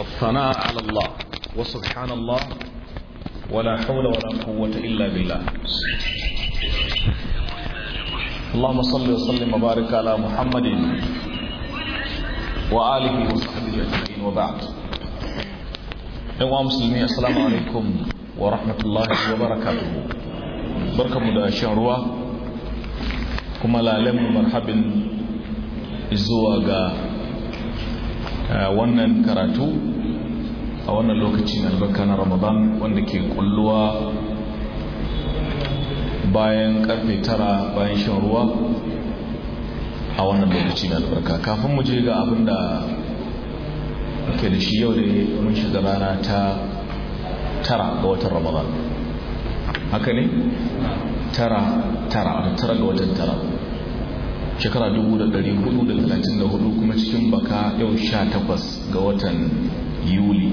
والثناء على الله وسبحان الله ولا حول ولا قوة إلا بالله اللهم صل وسلم وبارك على محمد وآله وصحبه أجمعين وبعد أيها المسلمين السلام عليكم ورحمة الله وبركاته بركة مدى شهروا كما لا لم مرحبا zuwa ga wannan karatu a wannan lokacin albarka na ramadan wanda ke kulluwa bayan karfe tara bayan shan ruwa a wannan lokaci na albarka kafin mu je ga abin da ke da shi yau da mun shiga rana ta tara ga watan ramadan haka ne tara tara a tara ga watan tara shekara 1434 kuma cikin baka yau 18 ga watan yuli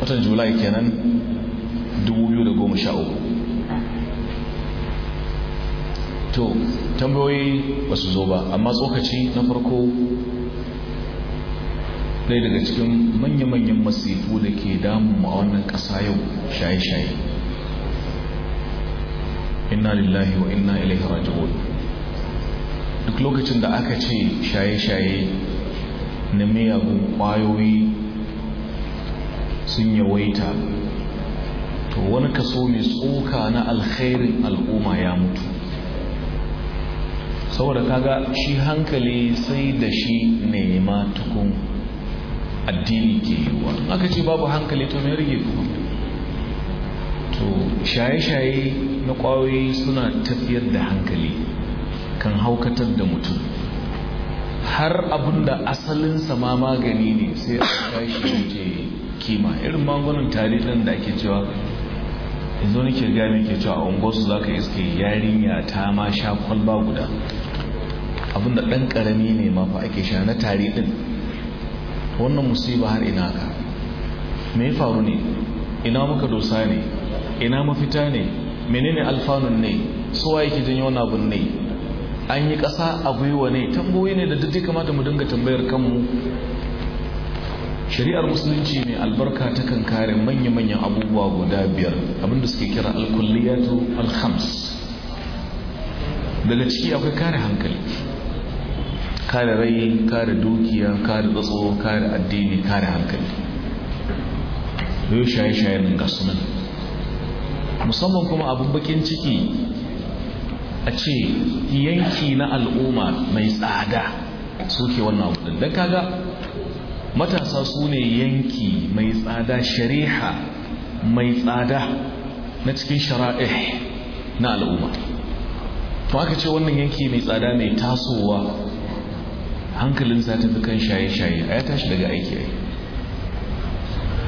watan julai kenan 2013 to tambayoyi ba su zo ba amma tsokaci na farko ɗaya daga cikin manya-manyan masifu da ke damu a wannan ƙasa yau shaye-shaye inna lillahi wa inna ilaihi raji'un duk lokacin da aka ce shaye-shaye na miyagun kwayoyi sun yawaita to wani kaso mai tsoka na alkhairin al'umma ya mutu saboda kaga shi hankali sai da shi nema tukun addini ke yiwuwa aka ce babu hankali to mai rage kuma to shaye-shaye na kwayoyi suna tafiyar da hankali kan haukatar da mutum har abin da asalinsa ma magani ne sai a tashi wuce kima irin magunan tarihin da ake cewa yanzu wani ke gami ke cewa a unguwarsu za ka iske yarinya ta ma sha kwalba guda abin da ɗan ƙarami ne ma fa ake sha na tari wannan musiba har ina ka me faru ne ina muka dosa ne ina mafita ne menene alfanun ne suwa yake janyo wani abun ne an yi ƙasa a gwiwa ne tamboyi ne da duk kamata mu dinga tambayar kanmu shari'ar musulunci mai albarka ta kan kare manya-manyan abubuwa guda biyar abinda suke kira alkulliyatu alhams daga ciki akwai kare hankali kare rai kare dukiya kare tsatso kare addini kare hankali yau shaye-shayen nan gasu nan. musamman kuma abin bakin ciki a ce yanki na al'umma mai tsada suke wannan abu don kaga matasa su ne yanki mai tsada shari'a mai tsada na cikin shara'i na al'umma to aka ce wannan yanki mai tsada mai tasowa hankalin ta fi kan shaye-shaye a ya tashi daga aiki ai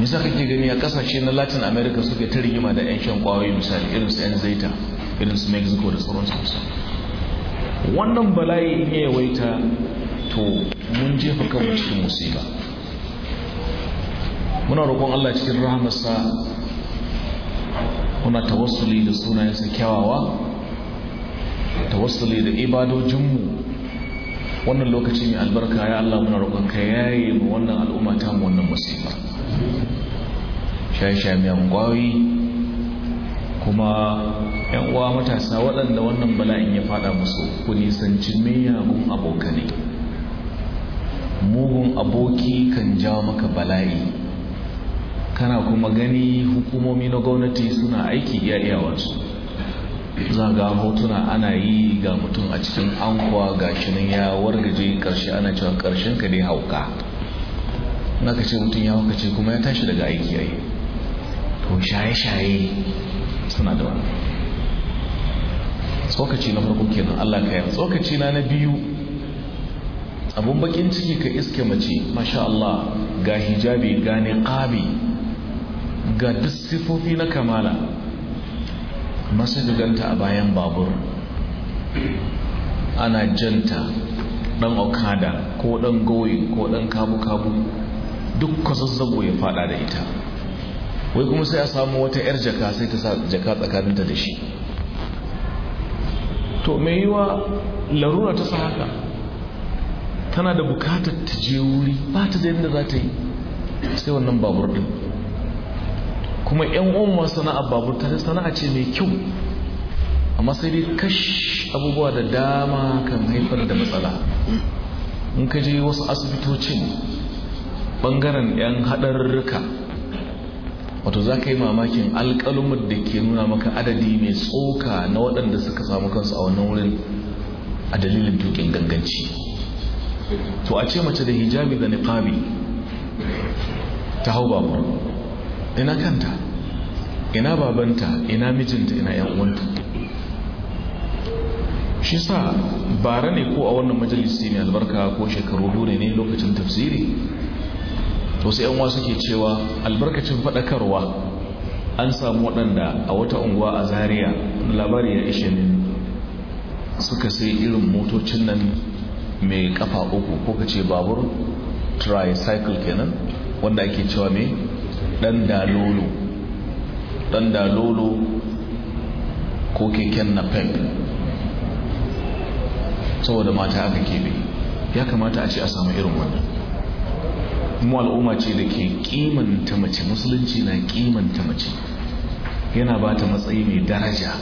nisa kake gani a kasashe na latin america suke ta rigima da 'yan shan kwayoyi misali irin su 'yan zaita irin su mexico da tsoron su wannan bala'i in ya yawaita to mun jefa kawai cikin musiba muna roƙon allah cikin rahamarsa muna tawassuli da sunayensa kyawawa tawassuli da ibadojinmu wannan lokaci mai albarka ya allah muna roƙon ka yaye mu wannan al'umma ta mu wannan musiba shaye-shaye mai kuma yan uwa matasa waɗanda wannan bala'in ya fada musu ku nisanci miyagun abokane mugun aboki kan ja maka bala'i kana kuma gani hukumomi na gwamnati suna aiki iya iyawarsu za ga hotuna ana yi ga mutum a cikin ankuwa ga shinin ya wargaje karshe ana cewa karshen ka dai hauka na ka mutum ya hauka ce kuma ya tashi daga aiki yayi to shaye-shaye suna da wani tsokaci na farko kenan Allah ka yi tsokaci na na biyu abun bakin ciki ka iske mace masha Allah ga hijabi ga niqabi ga duk sifofi na kamala masu duganta a bayan babur ana janta ɗan okada ko ɗan goyi ko ɗan kabu-kabu duk kwazazzago ya fada da ita wai kuma sai a samu wata 'yar jaka sai ta sa jaka tsakaninta da shi to mai yiwa larura ta sa haka tana da bukatar ta je wuri ba ta da yadda za ta yi sai wannan babur din kuma 'yan uwa sana'a babur ta sana'a ce mai kyau amma sai dai kash abubuwa da dama kan haifar da matsala in ka je wasu asibitocin bangaren 'yan haɗarurruka wato za ka yi mamakin alƙalumar da ke nuna maka adadi mai tsoka na waɗanda suka samu kansu a wannan wurin a dalilin tukin ganganci to a ce mace da hijabi da niqabi ta hau babu ina kanta ina babanta ina mijinta ina yan uwanta shi sa bara ne ko a wannan majalisi mai albarka ko shekaru dole ne lokacin tafsiri to sai yan wasu ke cewa albarkacin fadakarwa an samu waɗanda a wata unguwa a zaria labari ya ishe ne suka sai irin motocin nan mai kafa uku ko ka ce babur tricycle kenan wanda ake cewa mai ɗan dalolo ɗan dalolo ko keken na pep saboda mata aka kebe ya kamata a ce a samu irin wannan mu al'umma ce da ke kimanta mace musulunci na kimanta mace yana ba ta matsayi mai daraja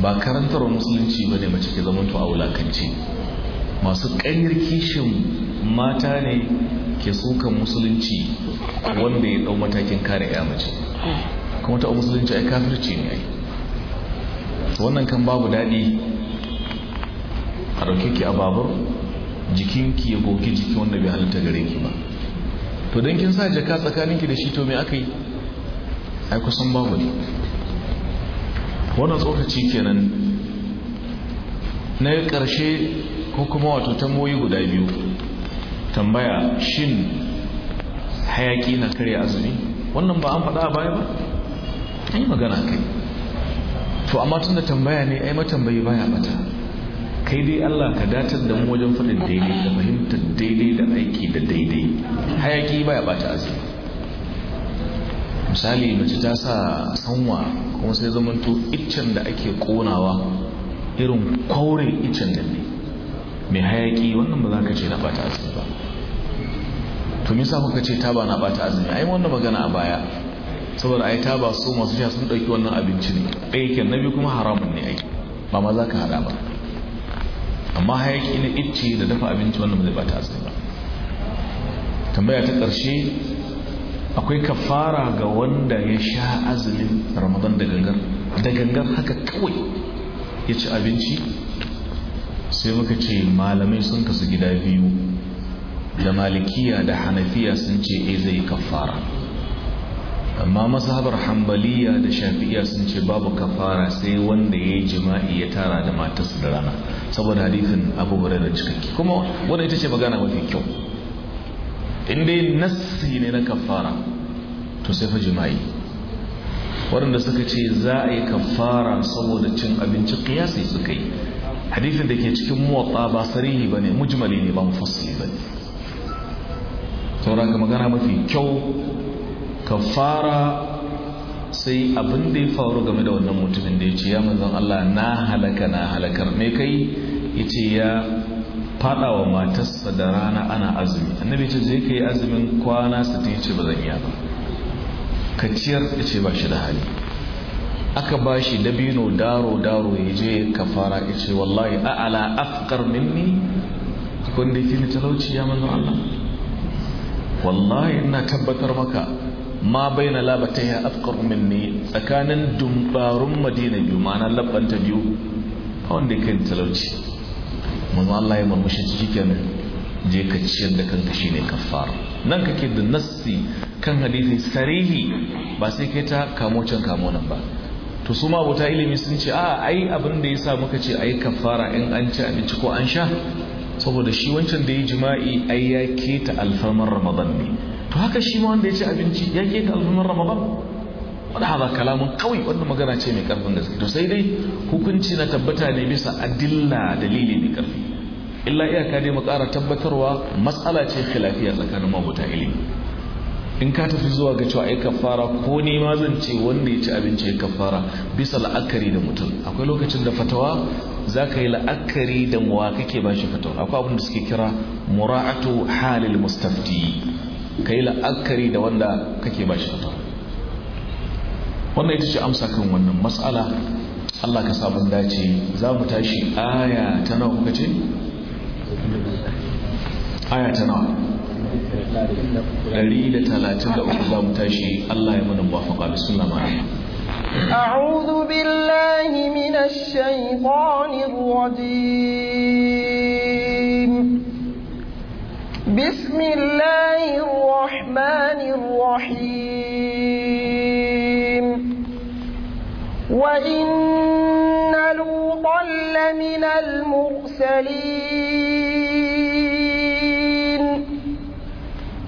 ba karantarwa musulunci ba ne mace ke zamanto a wulakance masu ƙanyar kishin mata ne ke sokan musulunci wanda ya ɗau matakin kare ya mace kuma ta musulunci ai kafirci ne ai wannan kan babu daɗi a ɗauke ki a babur jikinki ya goke jiki wanda bai halitta gare ki ba to don kin sa jaka tsakaninki da shi to me aka yi ai kusan babu ne wannan tsokaci kenan na ƙarshe ko kuma wato tamboyi guda biyu tambaya shin hayaki na karya azumi wannan ba an faɗa a baya ba an yi magana kai to amma tun da tambaya ne ai matambayi baya bata kai dai Allah ka datar da mu wajen faɗin daidai da fahimtar daidai da aiki da daidai hayaki baya bata azumi misali mace ta sa sanwa kuma sai zamanto iccen da ake konawa irin kwaure iccen da ne mai hayaki wannan ba za ka ce na bata azumi ba to me yasa kuka ce taba na bata azumi ai wannan magana a baya saboda ai taba su masu sha sun dauki wannan abinci ne ɗaya kenan na biyu kuma haramun ne ai ba ma za ka hada ba amma hayaki na icce da dafa abinci wannan ba zai bata ba tambaya ta ƙarshe akwai kafara ga wanda ya sha azumin ramadan da gangar da gangar haka kawai ya ci abinci sai muka ce malamai sun kasu gida biyu da malikiya da hanafiya sun ce e zai kafara amma mazhabar hambaliya da shafi'iya sun ce babu kafara sai wanda ya yi jima'i ya tara da matarsa da rana saboda hadithin abu da cikakke kuma wannan ita ce magana mafi kyau in dai nassi ne na kafara to sai fa jima'i waɗanda suka ce za a yi kafara saboda cin abinci kiyasi suka yi hadithin da ke cikin muwatta ba sarihi ba ne mujimali ne ba mufassili ba ne saboda magana mafi kyau kafara sai abin da ya faru game da wannan mutumin da ya ce ya manzon Allah na halaka na halakar me kai ya ce ya fada wa matarsa da rana ana azumi annabi ce zai kai azumin kwana sittin ya ce ba zan iya ba Kaciyar ya ce ba shi da hali aka ba shi dabino daro daro ya je kafara ya ce wallahi a'ala afqar minni akwai da yake talauci ya manzon Allah wallahi ina tabbatar maka ma baina ya afkar minni tsakanin dumbarun madina biyu ma'ana labbanta biyu a wanda kai talauci manzo Allah ya murmushi cikin je ka ciyar da kanka shine kafara nan kake da nassi kan hadisi sarihi ba sai kai ta kamo can kamo nan ba to su ma abota ilimi sun ce a ai abin da sa muka ce ai kafara in an ci abinci ko an sha saboda shi wancan da ya jima'i ai ya keta alfarmar ramadan ne to haka shi ma wanda ya ci abinci ya keta alfarmar ramadan wani haza kalamun kawai wanda magana ce mai karfin gaske to sai dai hukunci na tabbata ne bisa adilla dalili mai karfi illa iyaka dai mu ƙara tabbatarwa matsala ce khilafiya tsakanin mabuta ilimi in ka tafi zuwa ga cewa ai kafara ko ne ma zan ce wanda ya ci abinci ya kafara bisa la'akari da mutum akwai lokacin da fatawa za ka yi la'akari da muwa kake ba shi fatawa akwai abin da suke kira mura'atu halil mustafti ka yi la'akari da wanda kake ba shi fatawa wannan ita ce amsa kan wannan matsala Allah ka sa mun dace za mu tashi aya ta nawa kuka ce aya ta nawa 133 za mu tashi Allah ya mana muwafaqa bismillah ma'ana أعوذ بالله من الشيطان الرجيم بسم الله الرحمن الرحيم وإن لوطا لمن المرسلين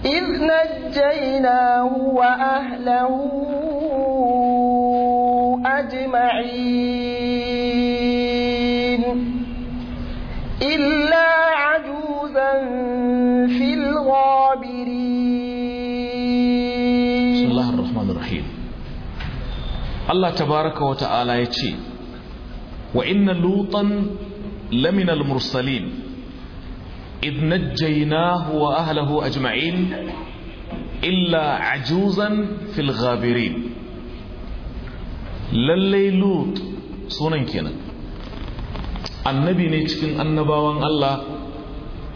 إذ نجيناه وأهله أجمعين Allah tabaraka wa ta'ala ya ce wa inna lutan lamina al-mursalin idh najjaynahu wa ahlihi ajma'in illa ajuzan fil ghabirin lallai lut sunan kenan annabi ne cikin annabawan Allah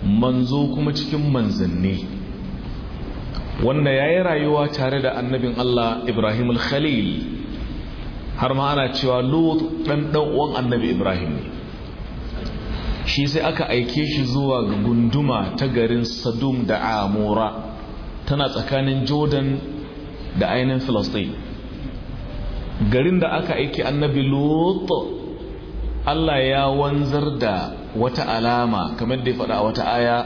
manzo kuma cikin manzanni wanda yayi rayuwa tare da annabin Allah Ibrahim al-Khalil har ma ana cewa lut dan dan uwan annabi ibrahim ne shi sai aka aike shi zuwa ga gunduma ta garin sadum da amura tana tsakanin jordan da ainihin philistine garin da aka aiki annabi lut Allah ya wanzar da wata alama kamar da ya faɗa wata aya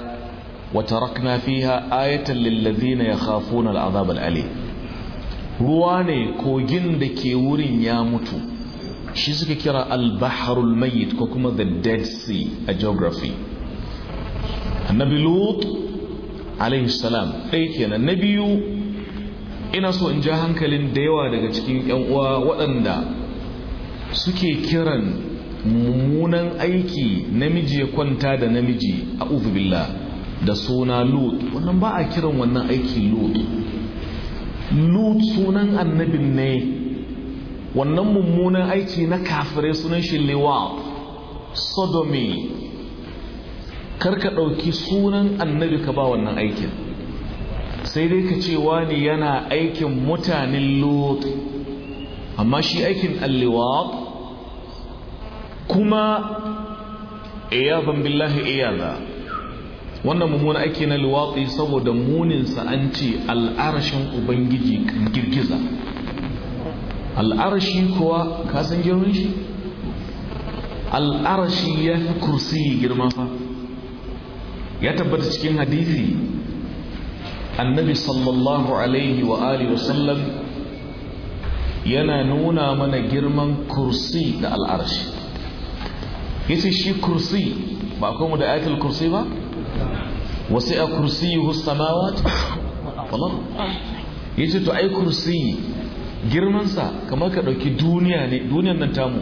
wata rakna fiha ayatan lillazina yakhafuna al'azab al'alim ruwa ne kogin da ke wurin ya mutu shi suka kira al-baharul mayyit ko kuma the dead sea a geography annabi lut alayhi salam ɗaya kenan na biyu ina so in ji hankalin da yawa daga cikin yan uwa waɗanda suke kiran mummunan aiki namiji ya kwanta da namiji a billah da suna lut wannan ba a kiran wannan aiki lut lut sunan annabin ne wannan mummunan aiki na kafirai sunan shi liwa kar karka ɗauki sunan annabi ka ba wannan aikin sai dai ka ce wani yana aikin mutanen lut amma shi aikin alliwa kuma iyadan billahi za. wannan mummuna ake na luwaƙi saboda muninsa an ce al'arashin ubangiji kan girgiza al'arashi kuwa kasan girman shi al'arashi ya fi kursi girma fa ya tabbata cikin hadithi annabi sallallahu alaihi wa alihi yana nuna mana girman kursi da al'arashi ya ce shi kursi ba kuma da ayatul kursi ba Wasu wasi'a kursiyuhu samawat Ya ce to ai kursi yi, girmansa kamar ka dauki duniya ne duniyar nan tamu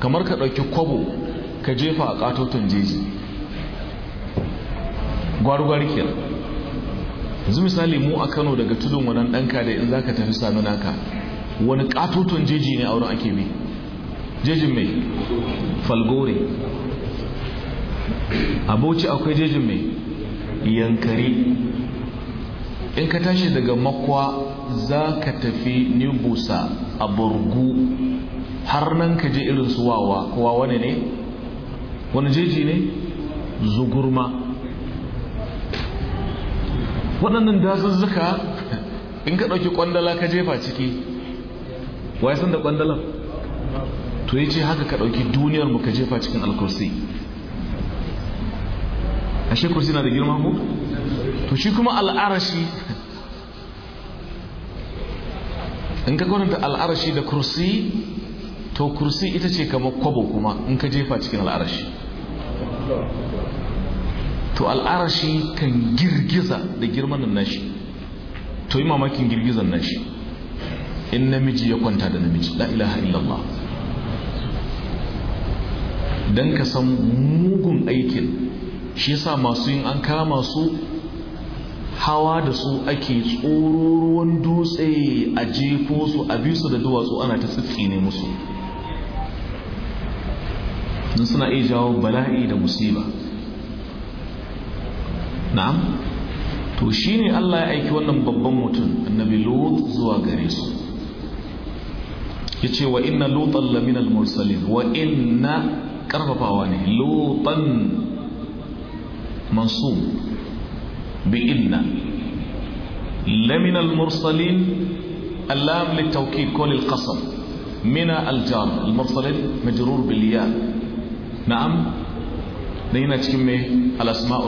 kamar ka dauki kwabo ka jefa a ƙatoton jeji gwargwar ke yanzu misali mu a Kano daga tudun wannan danka da in za ka tafi sami naka wani ƙatoton jeji ne a wurin ake bi jejin mai falgore a bauchi akwai jejin mai yankari in ka tashi daga makwa za ka tafi nibusa a burgu har nan ka je irin su wawa kowa wani ne wani jeji ne zugurma waɗannan dazuzzuka in ka ɗauki ƙwandala ka jefa ciki wai san da ƙwandalan to ya ce haka ka ɗauki duniyar mu ka jefa cikin alkursi ashe kursi na da girma ko to shi kuma al'arashi in ka kwananta al'arashi da kursi to kursi ita ce kamar kwabo kuma in ka jefa cikin al'arashi to al'arashi kan girgiza da girman nashi to yi mamakin girgizan nashi in namiji ya kwanta da namiji la ilaha illallah don ka san mugun aikin shi sa masu yin an kama su hawa da su ake tsoron dutse a jefo su a bi da duwatsu ana ta tsitsi ne musu don suna iya jawo bala'i da musiba na'am to shi ne Allah ya aiki wannan babban mutum annabi lot zuwa gare su Ya ce, wa ina lotan laminal mursalin wa ina karfafawa ne lotan منصوب بإذن لمن المرسلين اللام للتوكيد كل القصر من الجار المرسلين مجرور بالياء نعم لينا تكمي الأسماء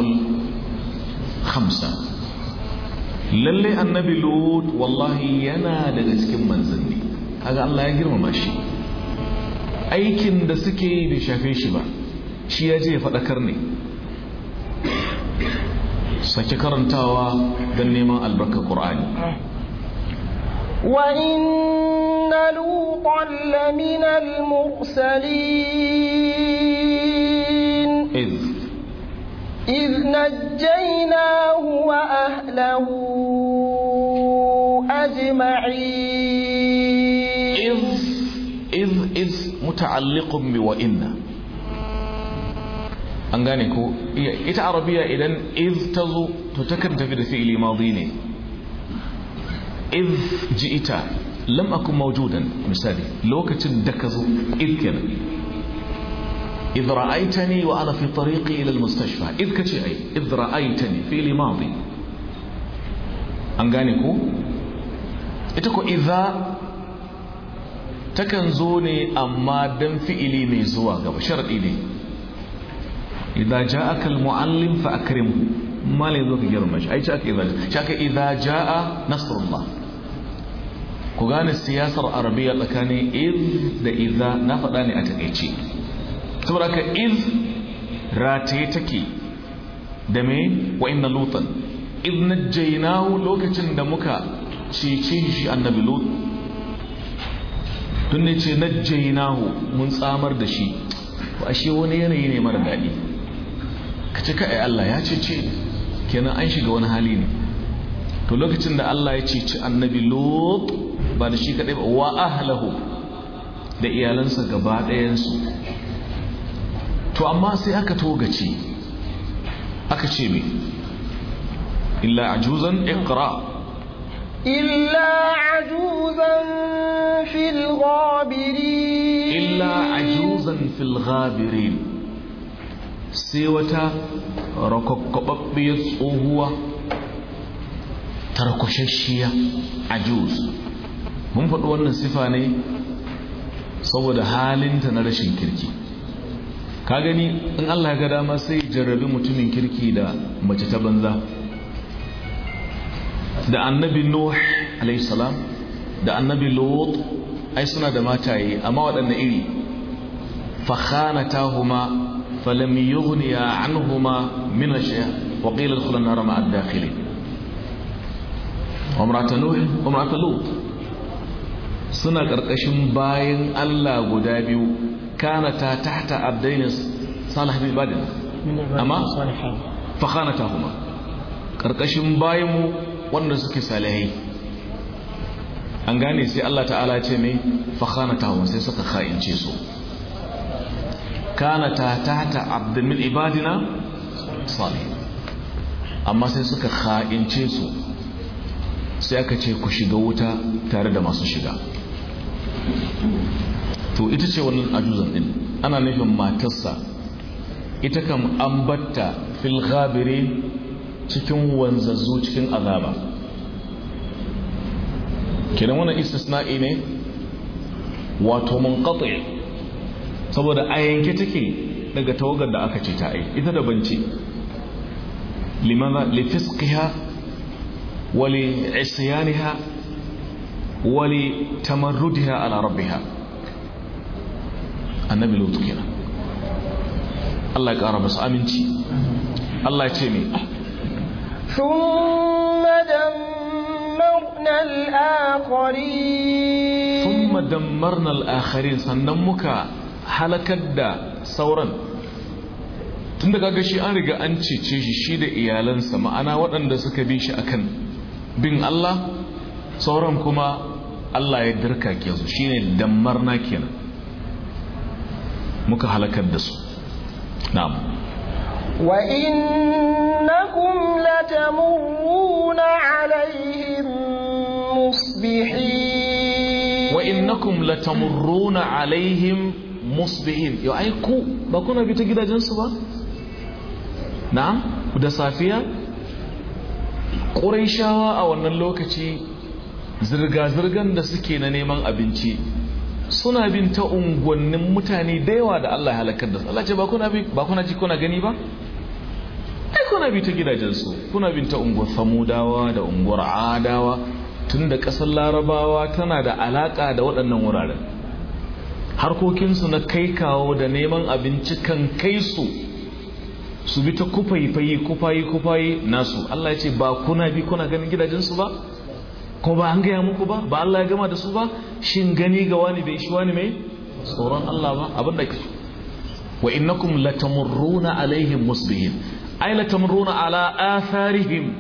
الخمسة lalle annabi lut wallahi yana daga cikin manzanni kaga Allah ya girmama shi aikin da suke yi bai shafe shi ba shi ya je ya faɗakar ne sake karantawa don neman albarka ƙur'ani وإن لوطا لمن المرسلين إذ إذ نجيناه وأهله أجمعين إذ إذ إذ متعلق بوإن an gane ko ita arabiya idan iz ta to takan tafi da fi'ili madi ne iz ji'ita lam akun mawjudan misali lokacin da ka zo iz ra'aitani wa ana fi tariqi kenan إذ رأيتني وأنا في طريقي إلى المستشفى madi an gane ko ita ko idza takan zo ne amma dan fi'ili mai zuwa gaba sharadi ne idza ja'aka almuallim fa akrim malai zo ka girma shi ai ce aka idza shi aka idza ja'a nasrullah ku gane siyasar arabiya tsakanin iz da idza na faɗa ne a takeice saboda ka iz rataye take da me wa inna lutan iz najjaynahu lokacin da muka cece shi annabi lut tun ne ce najjaynahu mun tsamar da shi ashe wani yanayi ne mara daɗi ka ce ka Allah ya ce kenan an shiga wani hali ne to lokacin da Allah ya ci annabi Lut ba da shi kadai ba wa ahlahu da iyalansa gaba ɗayansu to amma sai aka togace aka ce me illa ajuzan iqra' illa عجوزا في الغابرين illa sai wata rakwakwababbiyar tsohuwa rakoshashiya a jews mun faɗi wannan sifa ne saboda halinta na rashin kirki ka gani in allah ya ga dama sai jarrabi mutumin kirki da mace ta banza da annabi nuh a.s. da annabi lot ai suna da mataye amma waɗanda iri tahuma فلم يغني عنهما من الشيء وقيل ادخل النار مع الداخلين امرأة نوح امرأة لوط suna ƙarƙashin bayan Allah guda biyu kana ta tahta abdainis salih bin badin amma fakhana huma ƙarƙashin bayan wanda suke salihai an gane sai Allah ta'ala ce mai fakhana huma sai suka kha'ince su kanata tahta abd min ibadina salih amma sai suka kha'ince su sai aka ce ku shiga wuta tare da masu shiga to ita ce wannan ajuzan din ana nufin matarsa ita kam an batta fil ghabiri cikin wanzazzu cikin azaba kiran wannan istisna'i ne wato munqati saboda a yanke take daga tawagar da aka ce ta ai ita da banci limaza lifisqiha wa li isyaniha wa li tamarrudiha ala rabbiha annabi lutu kenan Allah ya ƙara masu aminci Allah ya ce ni. thumma dammarna al-akhirin thumma dammarna al-akhirin sannan muka halakar da sauran tun da kaga shi an riga an cece shi shi da iyalansa ma'ana waɗanda suka bi shi akan bin Allah sauran kuma Allah ya dirka ke su damar na kenan muka halakar da su na'am wa innakum latamurruna alaihim musbihin wa innakum latamurruna alaihim musbihin yau ai ku ba kuna bi ta gidajensu ba na'am da safiya shawa a wannan lokaci zirga-zirgan da suke na neman abinci suna bin ta unguwannin mutane da yawa da Allah ya halakar da su Allah ce ba kuna bi ba kuna ji kuna gani ba ai kuna bi ta gidajensu kuna bin ta unguwar samudawa da unguwar adawa tun da ƙasar larabawa tana da alaƙa da waɗannan wuraren harkokinsu na kai kawo da neman abinci kan kai su su bi ta kufayi kufayi kufayi nasu Allah ya ce ba kuna bi kuna ganin gidajensu ba ko ba an gaya muku ba ba Allah ya gama da su ba shin gani ga wani bai shi wani mai tsoron Allah ba abin da ke. wa innakum latamurruna alaihim musbihin ay latamurruna ala atharihim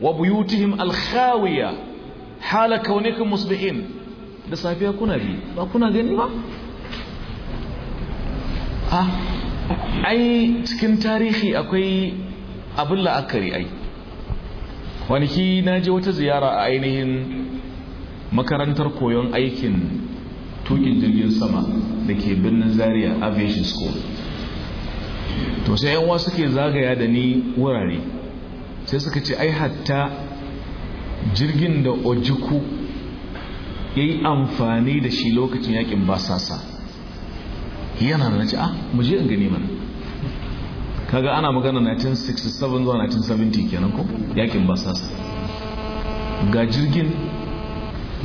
wa buyutihim alkhawiya hala kaunikum musbihin da safiya kuna bi ba kuna gani ba a ai cikin tarihi akwai abin la'akari ai ki na je wata ziyara a ainihin makarantar koyon aikin tukin jirgin sama da ke birnin zaria aviation school to sai yan wasu ke zagaya da ni wurare sai suka ce ai hatta jirgin da ojiku ya yi amfani da shi lokacin yakin basasa yana da nace ah mu je in gani mana kaga ana magana 1967 zuwa 1970 kenan ko yakin basasa ga jirgin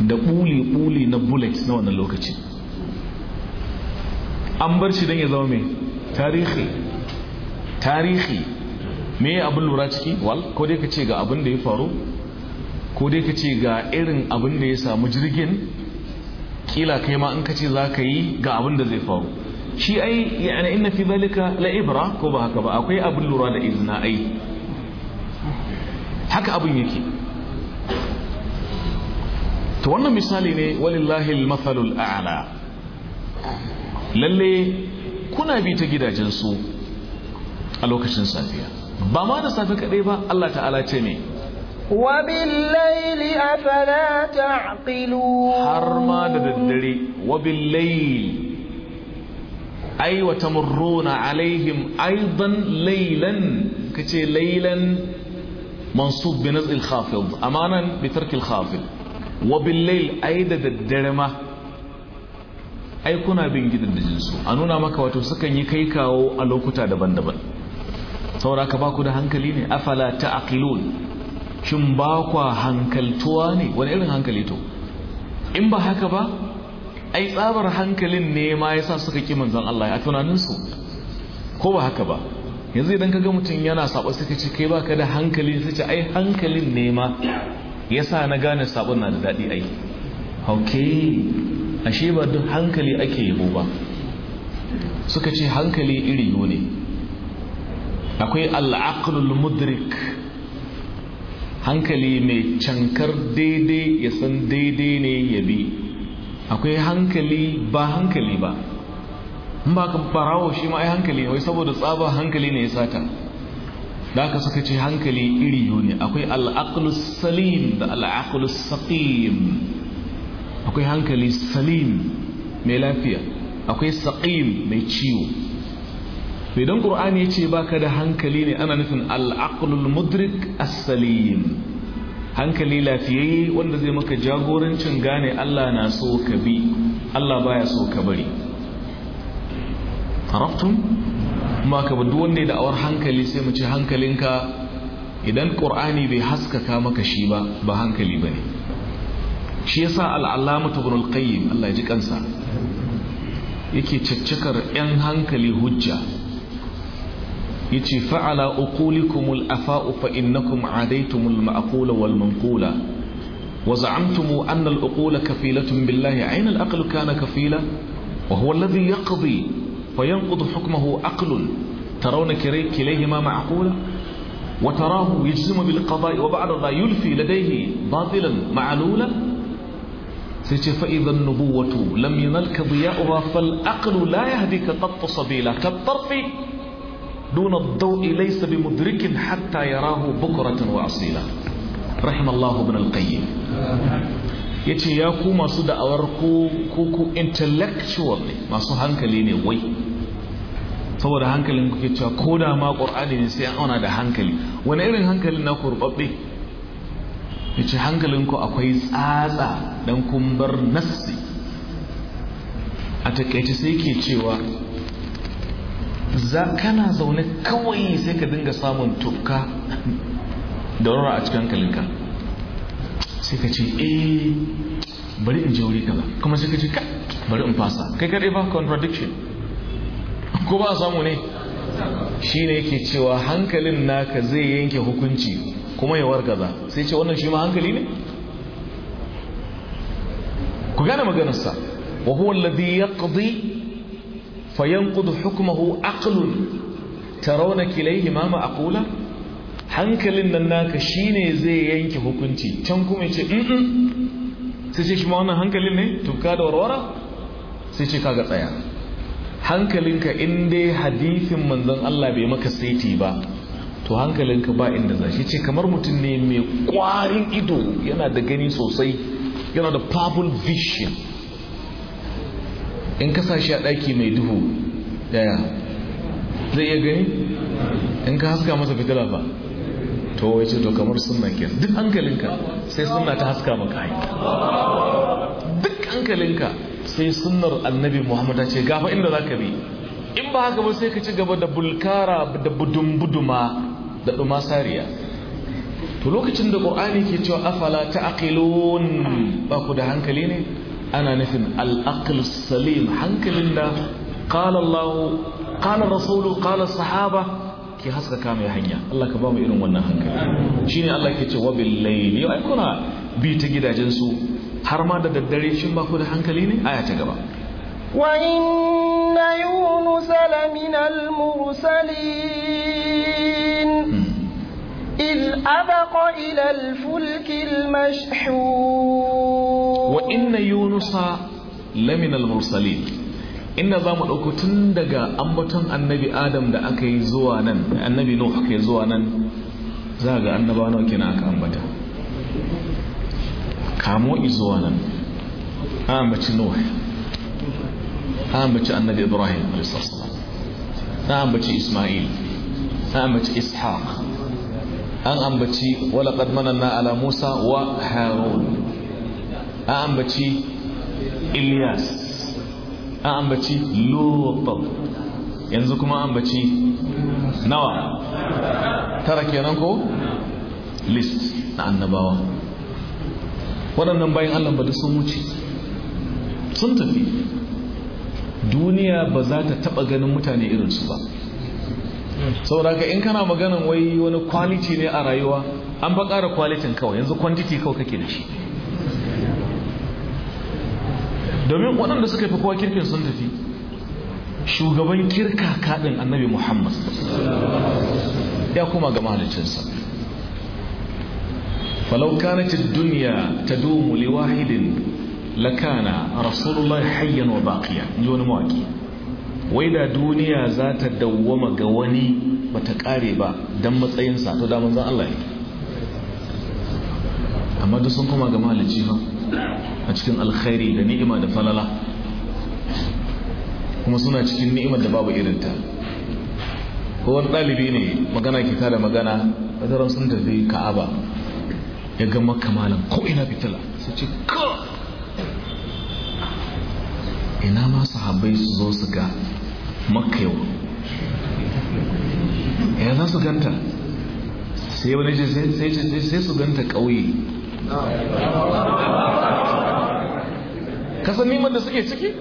da ɓuli-ɓuli na bullet na wannan lokaci an bar shi don ya zama mai tarihi tarihi me abin lura ciki wal ko dai ka ce ga abin da ya faru ko dai ka ce ga irin abin da ya samu jirgin kila kai ma in ka ce za ka yi ga abin da zai faru shi ai yana inna fi zalika la'ibra ko ba haka ba akwai abin lura da izina ai haka abin yake to wannan misali ne walillahi al a'la lalle kuna bi ta gidajen su a lokacin safiya ba ma da safe kadai ba Allah ta'ala ce ne وبالليل أفلا تعقلون حرما ددري وبالليل أي أيوة وتمرون عليهم أيضا ليلا كتي ليلا منصوب بنزع الخافض أمانا بترك الخافض وبالليل أي ددرمة ai kuna bin gidan da jinsu a nuna maka wato sukan yi kai kawo a lokuta daban-daban saboda ka baku da hankali ne afala ta'qilun shin ba kwa hankaltuwa ne wani irin hankali to in ba haka ba ai tsabar hankalin ne ma ya sa suka ki manzon Allah a tunaninsu ko ba haka ba yanzu idan ka ga mutum yana saɓa suka ce kai ba ka da hankali su ce ai hankalin ne ma ya sa na gane sabon na da daɗi ai okay ashe ba duk hankali ake yi ba suka ce hankali iri ne akwai al'aqlul mudrik hankali mai cankar daidai ya san daidai ne ya bi akwai hankali ba hankali ba in ba ka farawo shi ma ai hankali wai saboda tsaba hankali ne ya sata da aka suka ce hankali iri yiwu ne akwai al'aqlus salim da al'aqlus saqim akwai hankali salim mai lafiya akwai saqim mai ciwo to idan ce yace baka da hankali ne ana nufin al mudrik as-salim hankali lafiyayye wanda zai maka jagorancin gane Allah na so ka bi Allah baya so ka bari araftum ma ka bi wanda da awar hankali sai mu ce hankalinka idan ƙur'ani bai haskaka maka shi ba ba hankali bane shi yasa sa allamah ibn Allah ji kansa yake caccakar 'yan hankali hujja يتي فعلى أقولكم الأفاء فإنكم عاديتم المأقول والمنقولة وزعمتم أن الأقول كفيلة بالله عين الأقل كان كفيلة وهو الذي يقضي فينقض حكمه أقل ترون كريك إليهما معقولة وتراه يجزم بالقضاء وبعد ذا يلفي لديه باطلا معلولا فإذا النبوة لم ينلك ضياؤها فالأقل لا يهديك قط سبيلا كالطرف دون الضوء ليس بمدرك حتى يراه بكرة وأصيلا رحم الله ابن القيم yace ya ku masu da'awar ku ku ku intellectual ne masu hankali ne wai saboda hankalin ku ke cewa ko da ma ƙur'ani ne sai an auna da hankali wani irin hankalin na kurbabbe yace hankalin ku akwai tsatsa dan kun bar nassi a takaice sai ke cewa za kana zaune kawai sai ka dinga samun tufka da rura a cikin kalinka sai ka ce eh bari in je wuri kaza kuma sai ka ce ka bari in fasa kai kaɗai ba contradiction ko ba samu ne shi ne yake cewa hankalin naka zai yanke hukunci kuma ya wargaza sai ce wannan shi ma hankali ne ku gane maganarsa wa huwa alladhi yaqdi fayanqudu hukmuhu aqlun tarawna kilayhi ma ma'qula hankalin nan naka shine zai yanke hukunci can kuma yace mm, mm sai ce shi ma wannan hankalin ne tuka da warwara sai ce kaga tsaya hankalinka in dai hadisin manzon Allah bai maka saiti ba to hankalinka ba inda za shi ce kamar mutum ne mai kwarin ido yana da gani sosai yana da purple vision in ka sa shi a ɗaki mai duhu yaya zai iya gani in ka haska masa fitila ba to wai ce to kamar sunna ke duk hankalinka sai sunna ta haska maka ai duk hankalinka sai sunnar annabi muhammad ta ce gafa inda za ka bi in ba haka ba sai ka ci gaba da bulkara da budum-buduma da ɗuma sariya to lokacin da ƙur'ani ke cewa afala ta aƙilun ba ku da hankali ne ana nufin al'aqil salim hankalin da qala Allah qala rasulu qala sahaba ke haskaka mai hanya Allah ka ba mu irin wannan hankali ne Allah ke ce wa bil ai kuna bi ta gidajen su har ma da daddare shin ba ku da hankali ne aya ta gaba wa inna yunus laminal mursalin إذ أبق إلى الفلك المشحون wa inna yunusa laminal mursalin inna za mu ɗauko tun daga ambaton annabi adam da aka yi zuwa nan annabi nuh aka yi zuwa nan za ga annaba nawa kina aka ambata kamo zuwa nan an ambaci nuh an ambaci annabi ibrahim Na ambaci isma'il Na ambaci ishaq an ambaci walaƙad mananna ala musa wa harun a ambaci ilyas a ambaci lotop yanzu kuma ambaci nawa tara kenan ko list na annabawa waɗannan bayan allah ba da sun wuce sun tafi duniya ba za ta taɓa ganin mutane irinsu ba ka in kana maganan wai wani kwaliti ne a rayuwa an ba ƙara kwalitin kawai yanzu kwantiti kawai kake da shi domin waɗanda suka fi kowa kirkin sun tafi shugaban kirka kaɗin annabi muhammad ya kuma ga mahalicinsa falau kanat duniya ta dumu liwahidin lakana rasulullah hayyan wa baqiya ji wani wai da duniya za ta dawwama ga wani bata kare ba don matsayinsa to da manzon Allah ne amma duk sun kuma ga mahalici ba a cikin alkhairi da ni'ima da falala kuma suna cikin ni'imar da babu irinta kowar ɗalibi ne magana ke da magana wataran sun tafi ka'aba ya ga makamalan ko ina fitila su ce ka ina ma habai su zo su ga makka yau ya za su ganta sai wani ce sai su ganta ƙauye ka san da suke ciki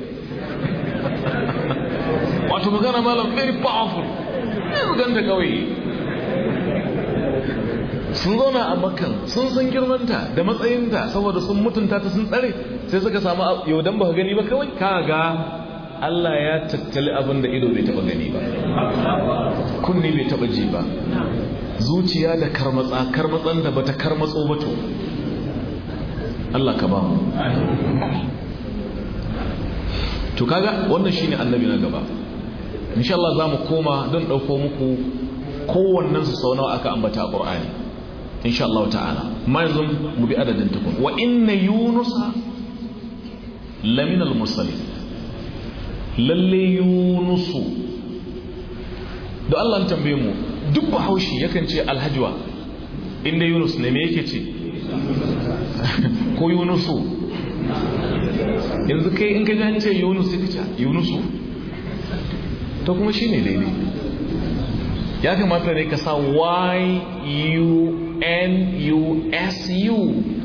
wato magana malam very powerful ne ganta kawai sun zauna a makan sun san girmanta da matsayinta saboda sun mutunta ta sun tsare sai suka samu yaudan ba gani ba kawai kaga Allah ya tattali abin da ido bai taba gani ba kunni bai taba ji ba zuciya da karmatsa karmatsan da bata karmatso ba to Allah ka ba mu to kaga wannan shine annabi na gaba insha Allah za mu koma don dauko muku kowannen su sau nawa aka ambata a insha Allah ta'ala ma yanzu mu bi adadin tukun wa inna yunusa laminal al-mursali lalle yunusu Allah tambaye mu duk bahaushi yakan ce alhajwa inda yunus ne me yake ce ko yunusu yanzu kai in ka ji ce yunusu sai yunusu ta kuma shi ne daidai ya kamata ne ka sa y u n u s u